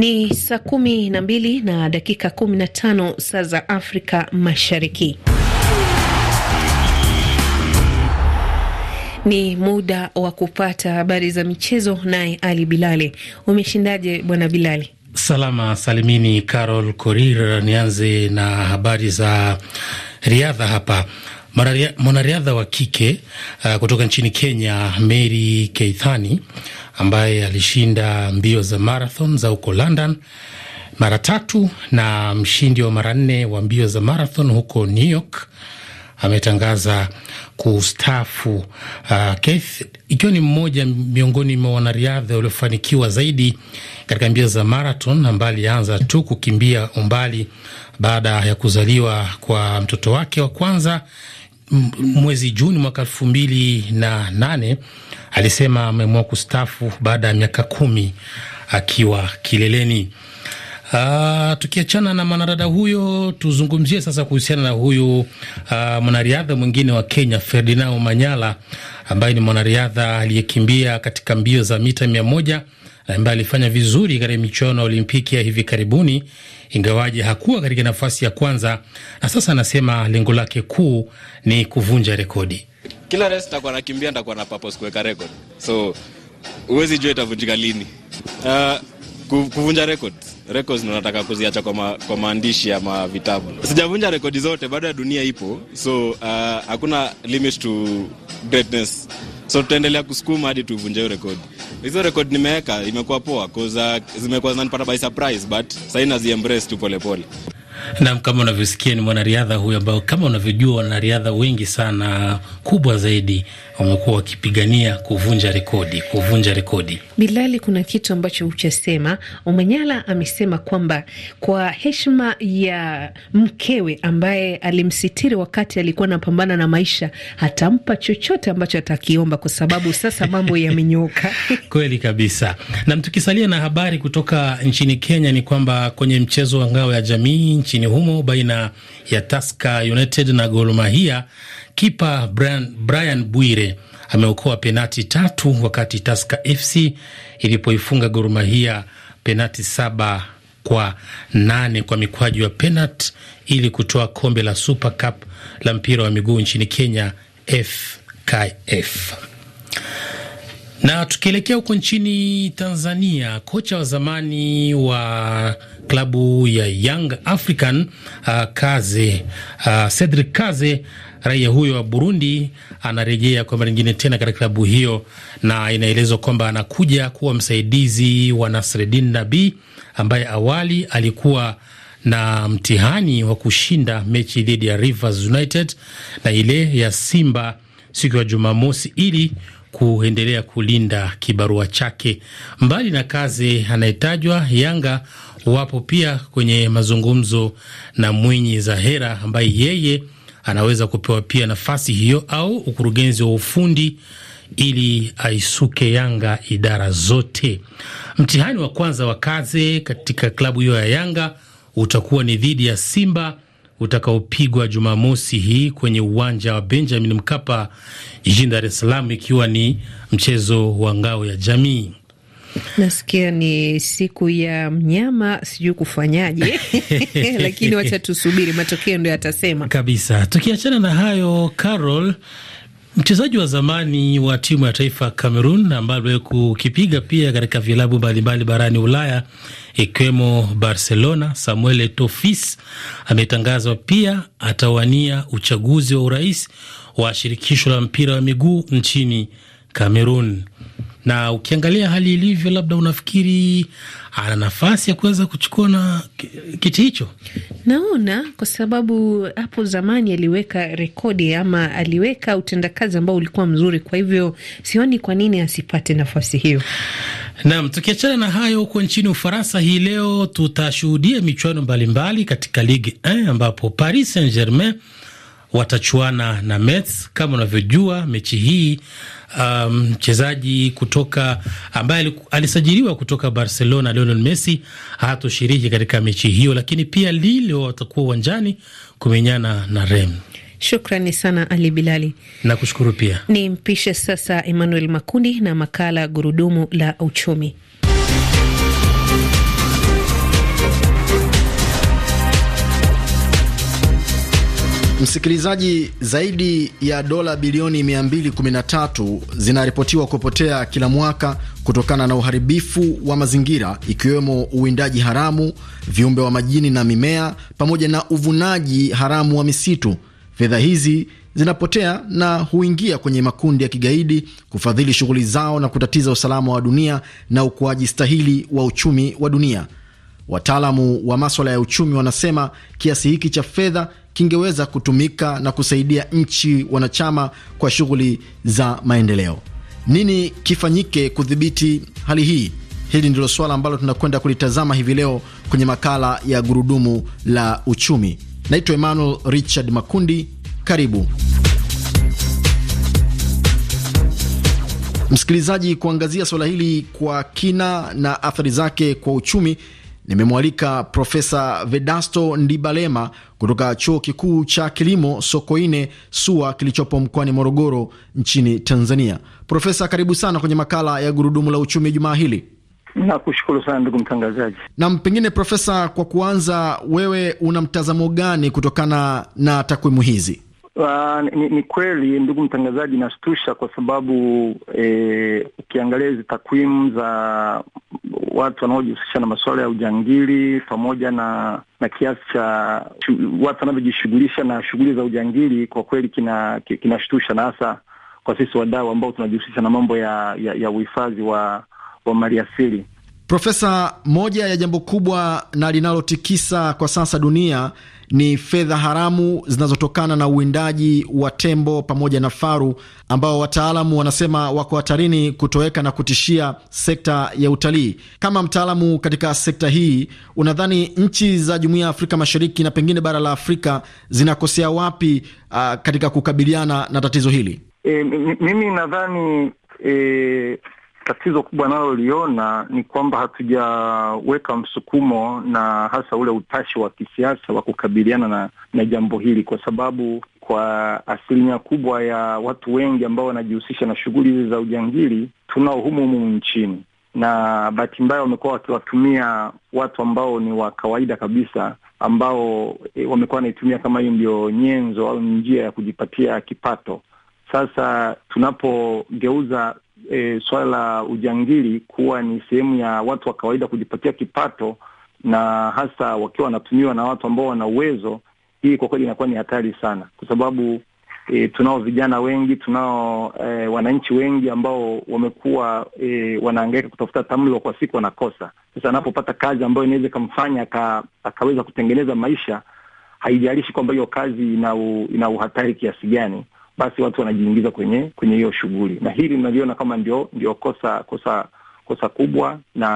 Ni saa kumi na mbili na dakika kumi na tano saa za Afrika Mashariki. Ni muda wa kupata habari za michezo, naye Ali Bilali. Umeshindaje bwana Bilali? Salama salimini, Carol Korir. Nianze na habari za riadha hapa. Mwanariadha wa kike uh, kutoka nchini Kenya Mary Keithani ambaye alishinda mbio za marathon za huko London mara tatu na mshindi wa mara nne wa mbio za marathon huko New York ametangaza kustafu uh, Keith ikiwa ni mmoja miongoni mwa wanariadha waliofanikiwa zaidi katika mbio za marathon, ambaye alianza tu kukimbia umbali baada ya kuzaliwa kwa mtoto wake wa kwanza mwezi Juni mwaka elfu mbili na nane alisema ameamua kustafu baada ya miaka kumi akiwa kileleni. Uh, tukiachana na mwanadada huyo tuzungumzie sasa kuhusiana na huyu uh, mwanariadha mwingine wa Kenya Ferdinand Manyala ambaye ni mwanariadha aliyekimbia katika mbio za mita mia moja ambaye alifanya vizuri katika michuano ya Olimpiki ya hivi karibuni, ingawaje hakuwa katika nafasi ya kwanza, na sasa anasema lengo lake kuu ni kuvunja rekodi kila race takuwa nakimbia, nitakuwa na papos kuweka rekod so huwezi jua itavunjika lini. Uh, kuvunja rekod rekod ndo nataka kuziacha kwa, ma, kwa maandishi ama vitabu. Sijavunja rekodi zote, bado ya dunia ipo, so uh, hakuna limit to greatness, so tutaendelea kusukuma hadi tuvunje hiyo rekodi. Hizo rekodi nimeweka imekuwa poa, cause uh, zimekuwa zinanipata by surprise, but sahii nazi embrace tu polepole pole. Naam, kama unavyosikia ni mwanariadha huyu ambao kama unavyojua wanariadha wengi sana kubwa zaidi wamekuwa wakipigania kuvunja rekodi, kuvunja rekodi. Bilali, kuna kitu ambacho uchasema. Omanyala amesema kwamba kwa heshima ya mkewe ambaye alimsitiri wakati alikuwa anapambana na maisha, hatampa chochote ambacho atakiomba kwa sababu sasa mambo yamenyoka. Kweli kabisa. na tukisalia na habari kutoka nchini Kenya ni kwamba kwenye mchezo wa ngao ya jamii nchini humo baina ya Tusker United na Gor Mahia. Kipa Brian, Brian Bwire ameokoa penati tatu wakati Tusker FC ilipoifunga Gor Mahia penati saba kwa nane kwa mikwaju ya penati ili kutoa kombe la Super Cup la mpira wa miguu nchini Kenya FKF. Na tukielekea huko nchini Tanzania, kocha wa zamani wa klabu ya Young African uh, Kaze uh, Cedric Kaze, raia huyo wa Burundi anarejea kwa mara nyingine tena katika klabu hiyo, na inaelezwa kwamba anakuja kuwa msaidizi wa Nasreddin Nabi ambaye awali alikuwa na mtihani wa kushinda mechi dhidi ya Rivers United na ile ya Simba siku ya Jumamosi ili kuendelea kulinda kibarua chake. Mbali na kazi anayetajwa, Yanga wapo pia kwenye mazungumzo na Mwinyi Zahera ambaye yeye anaweza kupewa pia nafasi hiyo au ukurugenzi wa ufundi ili aisuke Yanga idara zote. Mtihani wa kwanza wa Kaze katika klabu hiyo ya Yanga utakuwa ni dhidi ya Simba utakaopigwa Jumamosi hii kwenye uwanja wa Benjamin Mkapa jijini Dar es Salaam, ikiwa ni mchezo wa ngao ya jamii. Nasikia ni siku ya mnyama, sijui kufanyaje lakini wacha tusubiri matokeo, ndio yatasema kabisa. Tukiachana na hayo, Carol, mchezaji wa zamani wa timu ya taifa Cameroon ambaye kukipiga pia katika vilabu mbalimbali barani Ulaya ikiwemo Barcelona. Samuel tofis ametangazwa pia atawania uchaguzi wa urais wa shirikisho la mpira wa miguu nchini Kamerun na ukiangalia hali ilivyo, labda unafikiri ana nafasi ya kuweza kuchukua na kiti hicho? Naona kwa sababu hapo zamani aliweka rekodi ama aliweka utendakazi ambao ulikuwa mzuri, kwa hivyo sioni kwa nini asipate nafasi hiyo. nam tukiachana na hayo, huko nchini Ufaransa hii leo tutashuhudia michuano mbalimbali katika Ligue 1 ambapo Paris Saint Germain watachuana na Metz. Kama unavyojua mechi hii Um, mchezaji um, kutoka ambaye alisajiliwa kutoka Barcelona, Lionel Messi hatoshiriki katika mechi hiyo, lakini pia lile watakuwa uwanjani kumenyana na Rem. Shukrani sana Ali Bilali, nakushukuru pia. Ni mpishe sasa Emmanuel Makundi na makala Gurudumu la Uchumi. Msikilizaji, zaidi ya dola bilioni 213 zinaripotiwa kupotea kila mwaka kutokana na uharibifu wa mazingira, ikiwemo uwindaji haramu, viumbe wa majini na mimea, pamoja na uvunaji haramu wa misitu. Fedha hizi zinapotea na huingia kwenye makundi ya kigaidi kufadhili shughuli zao na kutatiza usalama wa dunia na ukuaji stahili wa uchumi wa dunia. Wataalamu wa maswala ya uchumi wanasema kiasi hiki cha fedha kingeweza kutumika na kusaidia nchi wanachama kwa shughuli za maendeleo. Nini kifanyike kudhibiti hali hii? Hili ndilo suala ambalo tunakwenda kulitazama hivi leo kwenye makala ya Gurudumu la Uchumi. Naitwa Emmanuel Richard Makundi. Karibu msikilizaji, kuangazia suala hili kwa kina na athari zake kwa uchumi. Nimemwalika Profesa Vedasto Ndibalema kutoka chuo kikuu cha kilimo Sokoine SUA kilichopo mkoani Morogoro nchini Tanzania. Profesa, karibu sana kwenye makala ya Gurudumu la Uchumi jumaa hili. Nakushukuru sana ndugu mtangazaji. Nam, pengine Profesa, kwa kuanza, wewe una mtazamo gani kutokana na takwimu hizi? Uh, ni, ni kweli ndugu mtangazaji, inashtusha kwa sababu eh, ukiangalia hizi takwimu za watu wanaojihusisha na masuala ya ujangili pamoja na na kiasi cha watu wanavyojishughulisha na shughuli za ujangili, kwa kweli kinashtusha kina na hasa kwa sisi wadau ambao tunajihusisha na mambo ya ya, ya uhifadhi wa, wa maliasili. Profesa, moja ya jambo kubwa na linalotikisa kwa sasa dunia ni fedha haramu zinazotokana na uwindaji wa tembo pamoja na faru ambao wataalamu wanasema wako hatarini kutoweka na kutishia sekta ya utalii. Kama mtaalamu katika sekta hii, unadhani nchi za Jumuiya ya Afrika Mashariki na pengine bara la Afrika zinakosea wapi uh, katika kukabiliana na tatizo hili? E, mimi nadhani e tatizo kubwa naloliona ni kwamba hatujaweka msukumo na hasa ule utashi wa kisiasa wa kukabiliana na, na jambo hili, kwa sababu kwa asilimia kubwa ya watu wengi ambao wanajihusisha na shughuli hizi za ujangili tunao humu humu nchini, na bahati mbaya wamekuwa wakiwatumia watu ambao ni wa kawaida kabisa ambao e, wamekuwa wanaitumia kama hiyo ndio nyenzo au njia ya kujipatia kipato. Sasa tunapogeuza e, swala la ujangili kuwa ni sehemu ya watu wa kawaida kujipatia kipato, na hasa wakiwa wanatumiwa na watu ambao wana uwezo, hii kwa kweli inakuwa ni hatari sana, kwa sababu e, tunao vijana wengi, tunao e, wananchi wengi ambao wamekuwa e, wanaangaika kutafuta tamlo kwa siku, wanakosa. Sasa anapopata kazi ambayo inaweza ikamfanya akaweza kutengeneza maisha, haijalishi kwamba hiyo kazi ina uhatari kiasi gani basi watu wanajiingiza kwenye kwenye hiyo shughuli, na hili linaliona kama ndio ndio kosa kosa kosa kubwa, na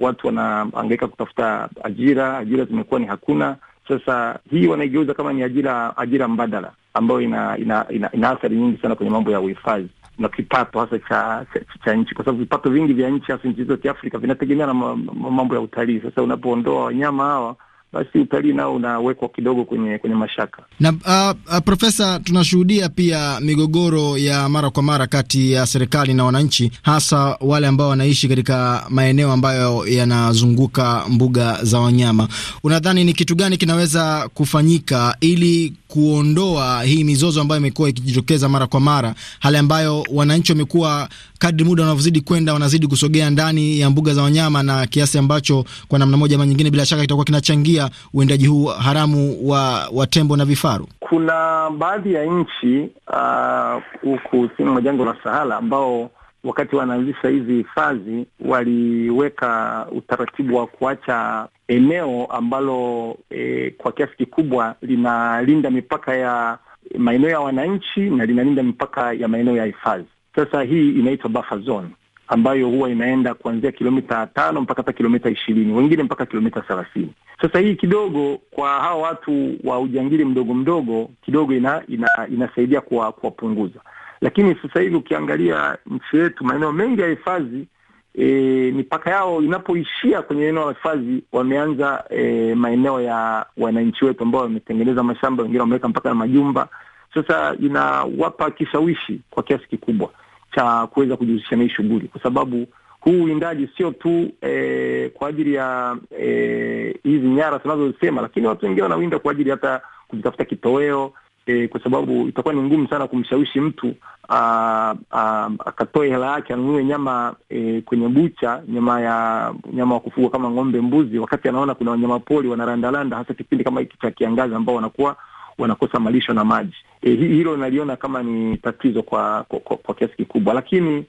watu wanaangaika kutafuta ajira, ajira zimekuwa ni hakuna. Sasa hii wanaigeuza kama ni ajira ajira mbadala ambayo ina ina, ina, ina athari nyingi sana kwenye mambo ya uhifadhi na kipato hasa cha, cha, cha nchi, kwa sababu vipato vingi vya nchi hasa nchi zote Afrika vinategemea na mambo ya utalii. Sasa unapoondoa wanyama hawa basi utalii nao unawekwa kidogo kwenye kwenye mashaka. Na uh, uh, Profesa, tunashuhudia pia migogoro ya mara kwa mara kati ya serikali na wananchi, hasa wale ambao wanaishi katika maeneo ambayo yanazunguka mbuga za wanyama. Unadhani ni kitu gani kinaweza kufanyika ili kuondoa hii mizozo ambayo imekuwa ikijitokeza mara kwa mara, hali ambayo wananchi wamekuwa, kadri muda wanavyozidi kwenda, wanazidi kusogea ndani ya mbuga za wanyama, na kiasi ambacho kwa namna moja ama nyingine, bila shaka kitakuwa kinachangia kuzuia uendaji huu haramu wa, wa tembo na vifaru? Kuna baadhi ya nchi uh, huku uh, kusini mwa jangwa la Sahara ambao wakati wanaanzisha hizi hifadhi waliweka utaratibu wa kuacha eneo ambalo e, kwa kiasi kikubwa linalinda mipaka ya maeneo ya wananchi na linalinda mipaka ya maeneo ya hifadhi. Sasa hii inaitwa buffer zone ambayo huwa inaenda kuanzia kilomita tano mpaka hata kilomita ishirini, wengine mpaka kilomita thelathini. Sasa hii kidogo kwa hawa watu wa ujangili mdogo mdogo kidogo ina, ina, inasaidia kuwapunguza, lakini sasa hivi ukiangalia nchi yetu maeneo mengi ya hifadhi e, mipaka yao inapoishia kwenye eneo la hifadhi wameanza e, maeneo ya wananchi wetu ambao wametengeneza mashamba, wengine wameweka mpaka na majumba. Sasa inawapa kishawishi kwa kiasi kikubwa cha kuweza kujihusisha na hii shughuli kwa sababu huu uwindaji sio tu eh, kwa ajili ya e, hizi nyara tunazozisema, lakini watu wengine wanawinda kwa ajili hata kujitafuta kitoweo eh, kwa sababu itakuwa ni ngumu sana kumshawishi mtu akatoe hela yake anunue nyama eh, kwenye bucha, nyama ya nyama wa kufugwa kama ng'ombe, mbuzi, wakati anaona kuna wanyamapori wanarandaranda, hasa kipindi kama hiki cha kiangazi ambao wanakuwa wanakosa malisho na maji. E, hilo naliona kama ni tatizo kwa kwa, kwa, kwa kiasi kikubwa, lakini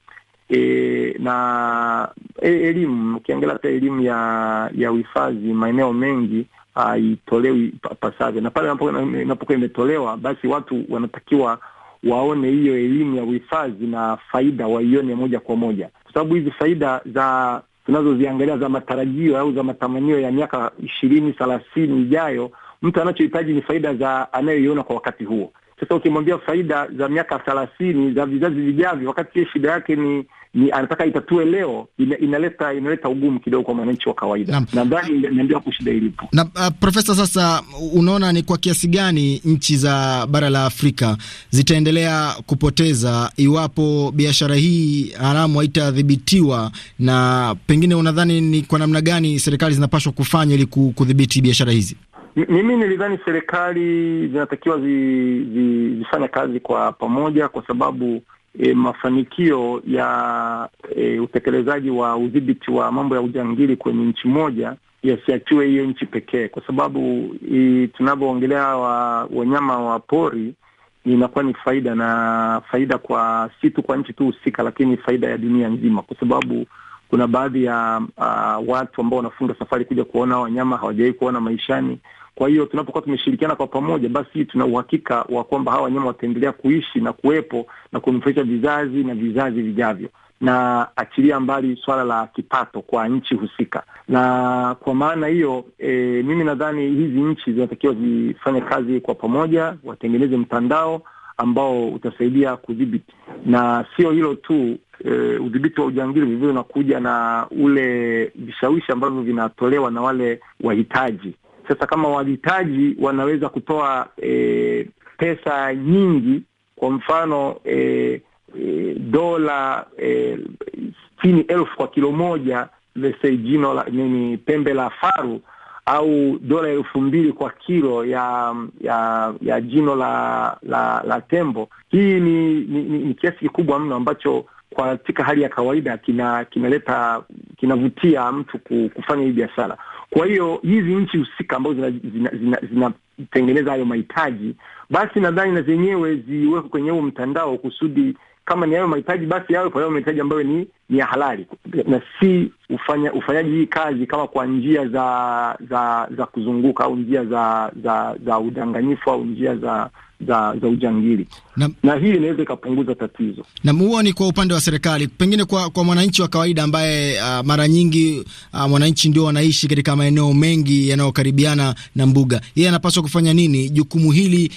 e, na e, elimu ukiangalia hata elimu ya ya uhifadhi maeneo mengi haitolewi pasavyo, na pale inapokuwa imetolewa, basi watu wanatakiwa waone hiyo elimu ya uhifadhi na faida waione moja kwa moja, kwa sababu hizi faida za tunazoziangalia za matarajio au za matamanio ya miaka ishirini thelathini ijayo, mtu anachohitaji ni faida za anayoiona kwa wakati huo. Sasa ukimwambia faida za miaka thelathini za vizazi vijavyo, wakati shida yake ni ni anataka itatue leo, inaleta inaleta ugumu kidogo kwa mwananchi wa kawaida. Nadhani ndio hapo shida ilipo. Na uh, Profesa, sasa unaona ni kwa kiasi gani nchi za bara la Afrika zitaendelea kupoteza iwapo biashara hii haramu haitadhibitiwa, na pengine unadhani ni kwa namna gani serikali zinapaswa kufanya ili kudhibiti biashara hizi? Mimi nilidhani serikali zinatakiwa zi, zi, zifanya kazi kwa pamoja kwa sababu e, mafanikio ya e, utekelezaji wa udhibiti wa mambo ya ujangili kwenye nchi moja yasiachiwe hiyo nchi pekee, kwa sababu tunavyoongelea wa, wanyama wa pori inakuwa ni faida na faida kwa si tu kwa nchi tu husika, lakini faida ya dunia nzima, kwa sababu kuna baadhi ya uh, watu ambao wanafunga safari kuja kuona wanyama hawajawahi kuona maishani. Kwa hiyo tunapokuwa tumeshirikiana kwa pamoja, basi tuna uhakika wa kwamba hawa wanyama wataendelea kuishi na kuwepo na kunufaisha vizazi na vizazi vijavyo, na achilia mbali swala la kipato kwa nchi husika. Na kwa maana hiyo e, mimi nadhani hizi nchi zinatakiwa zifanye kazi kwa pamoja, watengeneze mtandao ambao utasaidia kudhibiti, na sio hilo tu. E, udhibiti wa ujangili vivio unakuja na ule vishawishi ambavyo vinatolewa na wale wahitaji sasa kama wahitaji wanaweza kutoa e, pesa nyingi, kwa mfano e, e, dola sitini e, elfu kwa kilo moja lese jino la nini, pembe la faru au dola elfu mbili kwa kilo ya ya ya jino la la, la tembo. Hii ni, ni, ni, ni kiasi kikubwa mno ambacho katika hali ya kawaida kinaleta kina kinavutia mtu kufanya hii biashara. Kwa hiyo hizi nchi husika ambazo zinatengeneza zina, zina, zina hayo mahitaji, basi nadhani na zenyewe ziwekwe kwenye huo mtandao kusudi kama ni hayo mahitaji basi yawe kwa hayo mahitaji ambayo ni ni ya halali na si ufanya, ufanyaji hii kazi kama kwa njia za za za kuzunguka au njia za za za udanganyifu au njia za za za ujangili na, na hii inaweza ikapunguza tatizo. Na huo ni kwa upande wa serikali, pengine kwa kwa mwananchi wa kawaida ambaye uh, mara nyingi uh, mwananchi ndio wanaishi katika maeneo mengi yanayokaribiana na mbuga, yeye anapaswa kufanya nini? Jukumu hili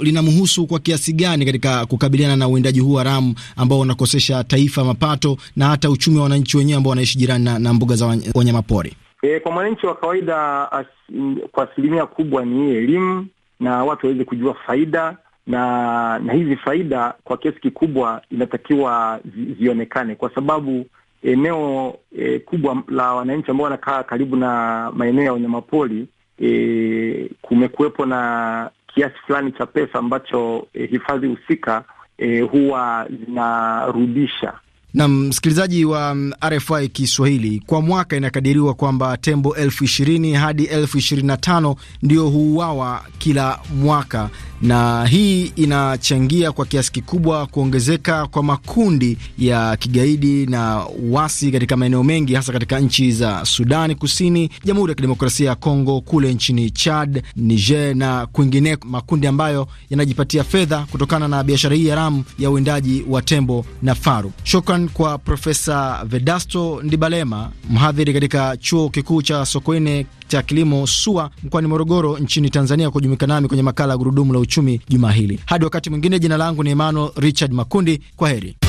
linamhusu lina kwa kiasi gani katika kukabiliana na uwindaji huu haramu ambao unakosesha taifa mapato na hata uchumi wa wananchi wenyewe ambao wanaishi jirani na, na mbuga za wanyamapori? E, kwa mwananchi wa kawaida as, m, kwa asilimia kubwa ni hii elimu na watu waweze kujua faida na na hizi faida kwa kiasi kikubwa inatakiwa zionekane kwa sababu eneo e, kubwa la wananchi ambao wanakaa karibu na maeneo ya wanyamapori e, kumekuwepo na kiasi fulani cha pesa ambacho e, hifadhi husika e, huwa zinarudisha na msikilizaji wa mm, RFI Kiswahili, kwa mwaka inakadiriwa kwamba tembo elfu ishirini hadi elfu ishirini na tano ndio huuawa kila mwaka na hii inachangia kwa kiasi kikubwa kuongezeka kwa makundi ya kigaidi na wasi katika maeneo mengi, hasa katika nchi za Sudani Kusini, Jamhuri ya Kidemokrasia ya Kongo, kule nchini Chad, Niger na kwingineko, makundi ambayo yanajipatia fedha kutokana na biashara hii haramu ya uwindaji wa tembo na faru. Shukran kwa Profesa Vedasto Ndibalema, mhadhiri katika chuo kikuu cha Sokoine cha kilimo SUA mkoani Morogoro nchini Tanzania kujumika nami kwenye makala ya gurudumu la uchumi juma hili. Hadi wakati mwingine, jina langu ni Emmanuel Richard Makundi. Kwa heri.